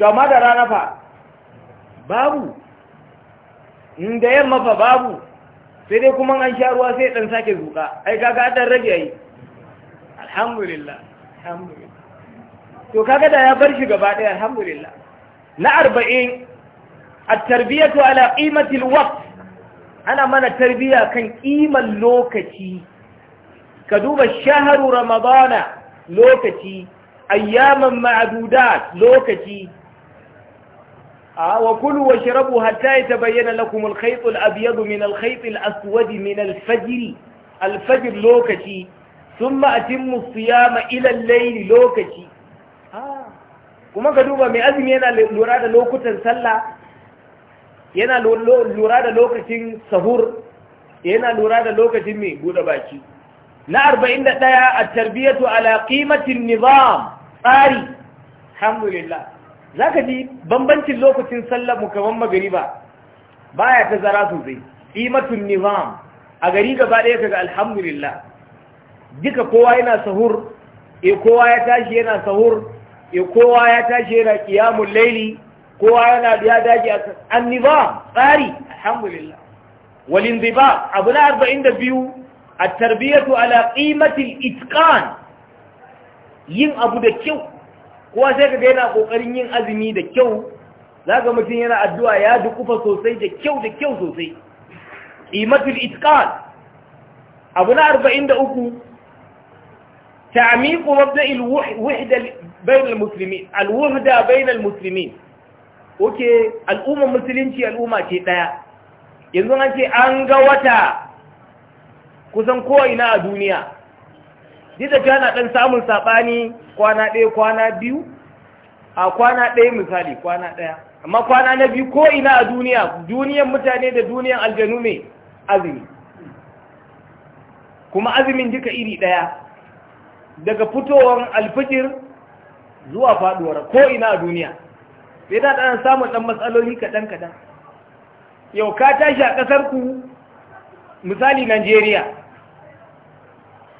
to amma da rana fa babu in da yamma fa babu sai dai kuma an sha ruwa sai dan sake zuka ai kaga dan rage yi alhamdulillah alhamdulillah to kaga da ya bar shi gaba daya alhamdulillah na 40 at-tarbiyatu ala qimati al-waqt ana mana tarbiya kan qimar lokaci ka duba shahru ramadana lokaci ayyaman ma'dudat lokaci a wa kulu wa shrabu hatta yatabayyana lakum al-khayt al-abyad min al-khayt min al-fajr al-fajr lokaci thumma atimmu as-siyama ila al-layl lokaci kuma ka duba mai azumi yana lura da lokutan sallah yana lura da lokacin sahur yana lura da lokacin mai buɗe baki na 41 a tarbiyyatu ala nizam tsari alhamdulillah za ka ji bambancin lokacin sallar mu ba Ba ya ta zara sosai qimatun nizam a gari gaba ɗaya kaga alhamdulillah duka kowa yana sahur e kowa ya tashi yana sahur e kowa ya tashi yana kiyamun laili kowa yana ya a an nizam tsari alhamdulillah Walin indiba abu na arba'in biyu a tarbiyyatu ala ƙimatin itkan yin abu da kyau Kuwa sai ka daina kokarin yin azumi da kyau za ka mutum yana addu'a ya dukufa sosai da kyau da kyau sosai qimatul itqan abu na 43 ta'miq mabda'i al-wahda bayn al-muslimin al-wahda bayn al oke al'ummar musulunci al'umma ce daya yanzu an ce an ga wata kusan ko ina a duniya duk da na ɗan samun saɓani kwana ɗaya kwana biyu a kwana ɗaya misali kwana ɗaya amma kwana na biyu ko ina a duniya duniyan mutane da duniyan aljanu ne azumi kuma azumin duka iri ɗaya daga fitowar alfijir zuwa faɗuwar ko ina a duniya sai na ɗan samun ɗan matsaloli kaɗan-kaɗan yau ka tashi a ƙasarku misali Najeriya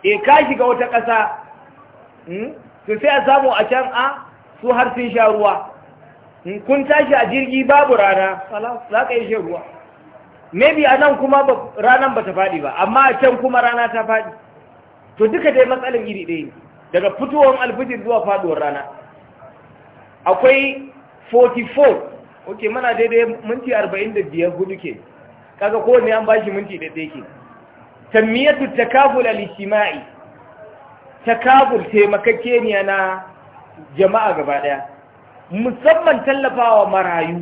e ka shiga wata ƙasa hmm, to sai a samu a can a su har sun sha ruwa hmm, kun tashi a jirgi babu rana za ka yi shan ruwa maybe a nan kuma ranan ba ta faɗi ba amma a can kuma rana ta faɗi to duka dai matsalin iri ɗaya ne daga fitowar alfijir zuwa faɗuwar rana akwai 44 ok mana daidai minti 45 hudu ke kaga kowane an bashi minti daidai ke tammiyatu takabul al-ijtima'i takaful taimakakeniya na jama'a gaba daya musamman tallafawa marayu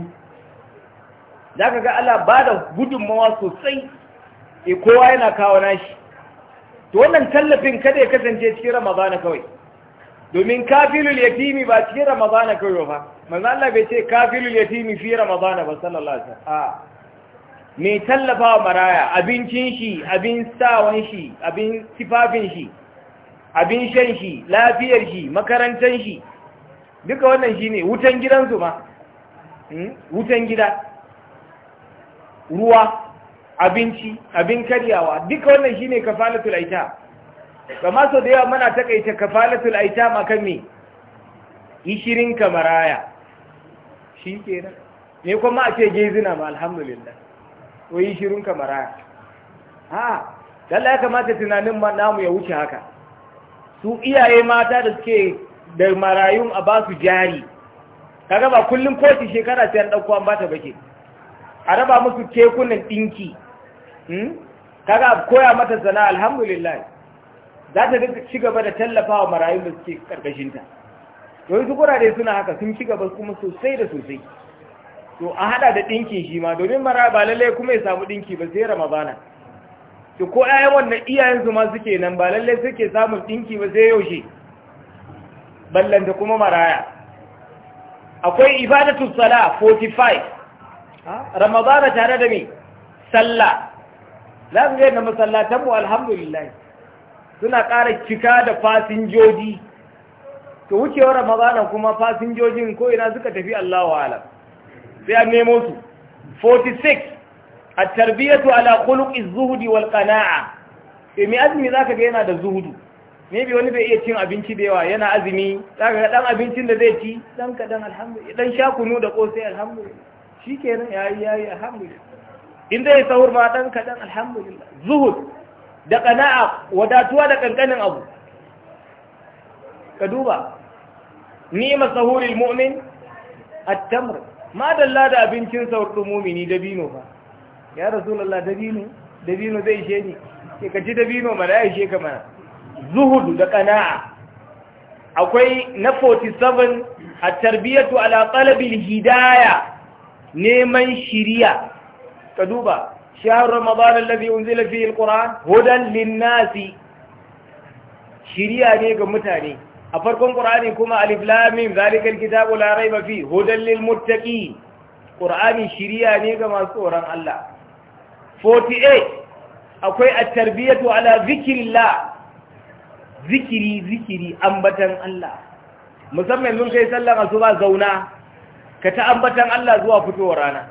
zaka ga Allah bada gudunmawa sosai e kowa yana kawo nashi to wannan tallafin kada ya kasance cikin ramadana kawai domin kafilul yatimi ba cikin ramadana kawai ba manzo Allah bai ce kafilul yatimi fi ramadana ba sallallahu alaihi wasallam mai tallafawa maraya abincin shi abin sawan shi abin tifafin shi abin shan shi lafiyar shi makarantar shi duka wannan shi ne wutan gidansu ma hmm? wutan gida ruwa abinci abin karyawa duka wannan shi ne kafalatul aita ba sau da yawa mana takaita kafalatul aita makan me ishirin kamaraya shi kenan ne kuma a ce gezina ma alhamdulillah to yi shirin kamara ha lallai ya kamata tunanin namu ya wuce haka su iyaye mata da suke da marayun a basu jari kaga ba kullum koci shekara sai an dauko an bata bake a raba musu kekunan ɗinki hmm? kaga koya mata sana alhamdulillah za ta duka ci da tallafawa marayun da suke karkashinta. Wasu kurare suna haka sun ci gaba kuma sosai da sosai. to a hada da dinki shi ma domin mara ba lalle kuma ya samu dinki ba sai ramadana to ko ayyan wannan iyayen su ma suke nan ba lalle suke samun dinki ba sai yaushe ballanta kuma maraya akwai ibadatu sala 45 ramadana tare da me sallah za mu yadda masallatanmu alhamdulillah suna ƙara cika da fasinjoji to wucewar ramadana kuma fasinjojin ko ina suka tafi Allahu alam sai an nemo su 46 at-tarbiyatu ala khuluqi zuhudi wal kana'a eh mai azumi ka ga yana da zuhudu ne bi wani bai iya cin abinci da yawa yana azumi Za ka ga dan abincin da zai ci dan kadan alhamdulillah dan sha kunu da kosai alhamdulillah nan yayi yayi alhamdulillah in zai sahur ma dan kadan alhamdulillah zuhud da kana'a wadatuwa da kankanin abu ka duba ni ma masahuril mu'min at-tamr dalla da abincin saurin mumini dabino ba ya rasulallah dabino dabino zai ishe ni ke ka ci dabino ma ya ishe ka mana zuhudu da Ƙana'a akwai na 47 a tarbiyyatu ala talabil hidaya neman shiriya ka duba shahar ramadan allazi unzila fihi alquran hudan linnasi shiriya ne ga mutane a farkon ƙur'ani kuma alif lamim zalikal kitabu la mafi hudun hudan lil muttaqi ƙur'ani shiriya ne ga masu tsoron Allah 48 akwai a tarbiyyatu ala La zikiri zikiri ambatan Allah musamman mun kai sallan asuba zauna ka ta ambatan Allah zuwa fitowar rana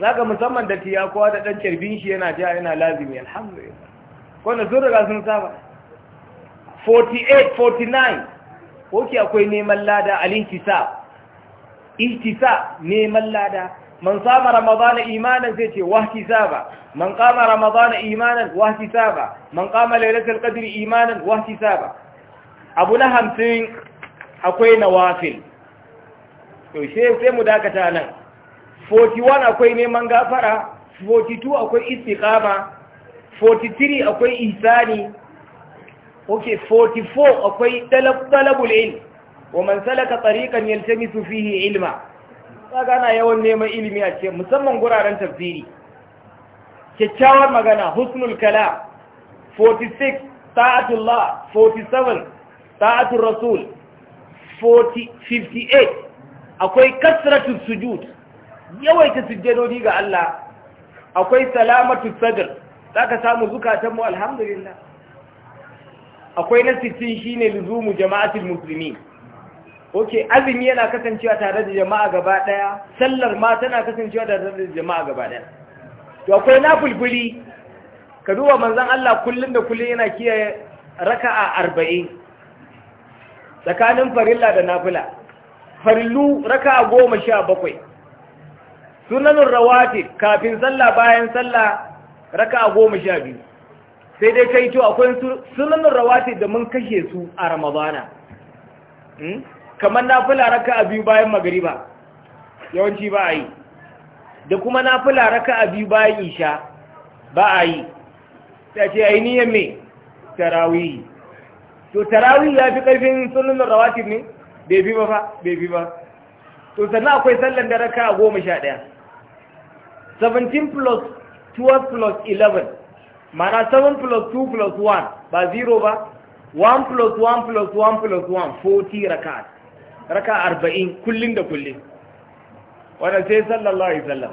Za ka musamman da tiyakowa da ɗan carbin shi yana ja yana lazimi alhamdulillah ko sun riga sun saba 48 49 oke akwai neman lada al-ihtisab ihtisab neman lada man sama ramadana imanan zai ce wahtisaba man kama ramadana imanan wahtisaba man kama lailatul qadri imanan wahtisaba abu na hamsin akwai nawafil to sai mu dakata nan 41 akwai neman gafara 42 akwai istiqama 43 akwai ihsani okay 44 akwai talabul ilm wa man salaka tariqan yaltamisu fihi ilma kaga ana yawan neman ilimi a cikin musamman guraren tafsiri kyakkyawar magana husnul kalam 46 ta'atullah 47 ta'atul rasul 58 akwai kasratu sujud yawaita sujjadodi ga Allah akwai salamatu sadr zaka samu zukatanmu alhamdulillah akwai na sittin shine luzumu jama'atul muslimin oke azumi yana kasancewa tare da jama'a gaba daya sallar ma tana kasancewa tare da jama'a gaba daya to akwai na fulfuli ka duba manzon Allah kullun da kullun yana kiyaye raka'a 40 tsakanin farilla da nafila farillu raka'a 17 sunanun rawatib kafin sallah bayan sallah raka'a 12 sai dai kai to akwai sunanin rawati da mun kashe su a ramadana hmm? kamar na nafila raka a biyu bayan magariba yawanci ba a yi da kuma na nafila raka a biyu bayan isha ba a yi ta ce ainihin mai Tarawiyi. to tarawiyi ya fi karfin sunanin rawati ne bai bi ba bai bi ba to sannan akwai sallan da raka a goma sha ɗaya 17 plus 12 plus 11 mana 7 plus 2 plus 1 ba 0 ba 1 plus 1 plus 1 plus 1 40 raka raka 40 kullum da kullum wadda sai sallallahu alaihi sallam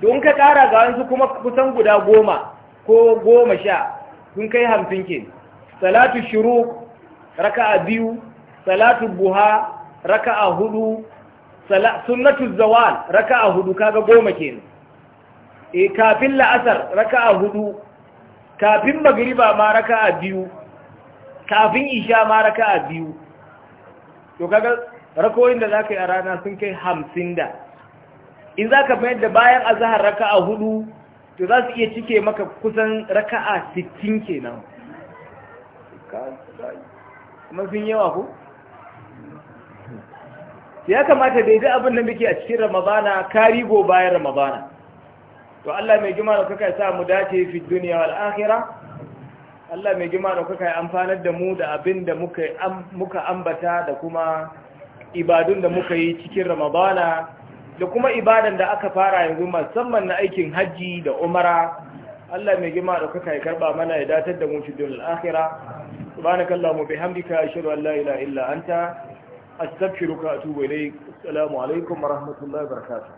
don ka kara ga wasu kuma kusan guda goma ko goma sha sun kai hamsin ke salatu shiru raka a biyu salatu buha raka a hudu sunnatu zawal raka a hudu kaga goma kenan e eh, kafin la'asar raka a hudu kafin magriba ma a biyu kafin isha ma raka'a biyu to kaga rakoyin da zaka yi a rana sun kai hamsin da in zaka mayar da bayan azhar raka'a hudu to za su iya cike maka kusan raka'a 60 kenan kuma sun yawa ko ya kamata daidai abin da muke a cikin ramabana karigo bayan ramabana. to Allah mai gima da kuka sa mu dace fi duniya wal akhirah Allah mai gima da kuka amfanar da mu da abin da muka muka ambata da kuma ibadun da muka yi cikin Ramadana da kuma ibadan da aka fara yanzu musamman na aikin haji da umara Allah mai gima da kuka karba mana ya datar da mu fi duniya wal akhirah subhanakallahumma bihamdika ashhadu an la ilaha illa anta أستبشرك أتوب إليك alaikum wa rahmatullahi wa وبركاته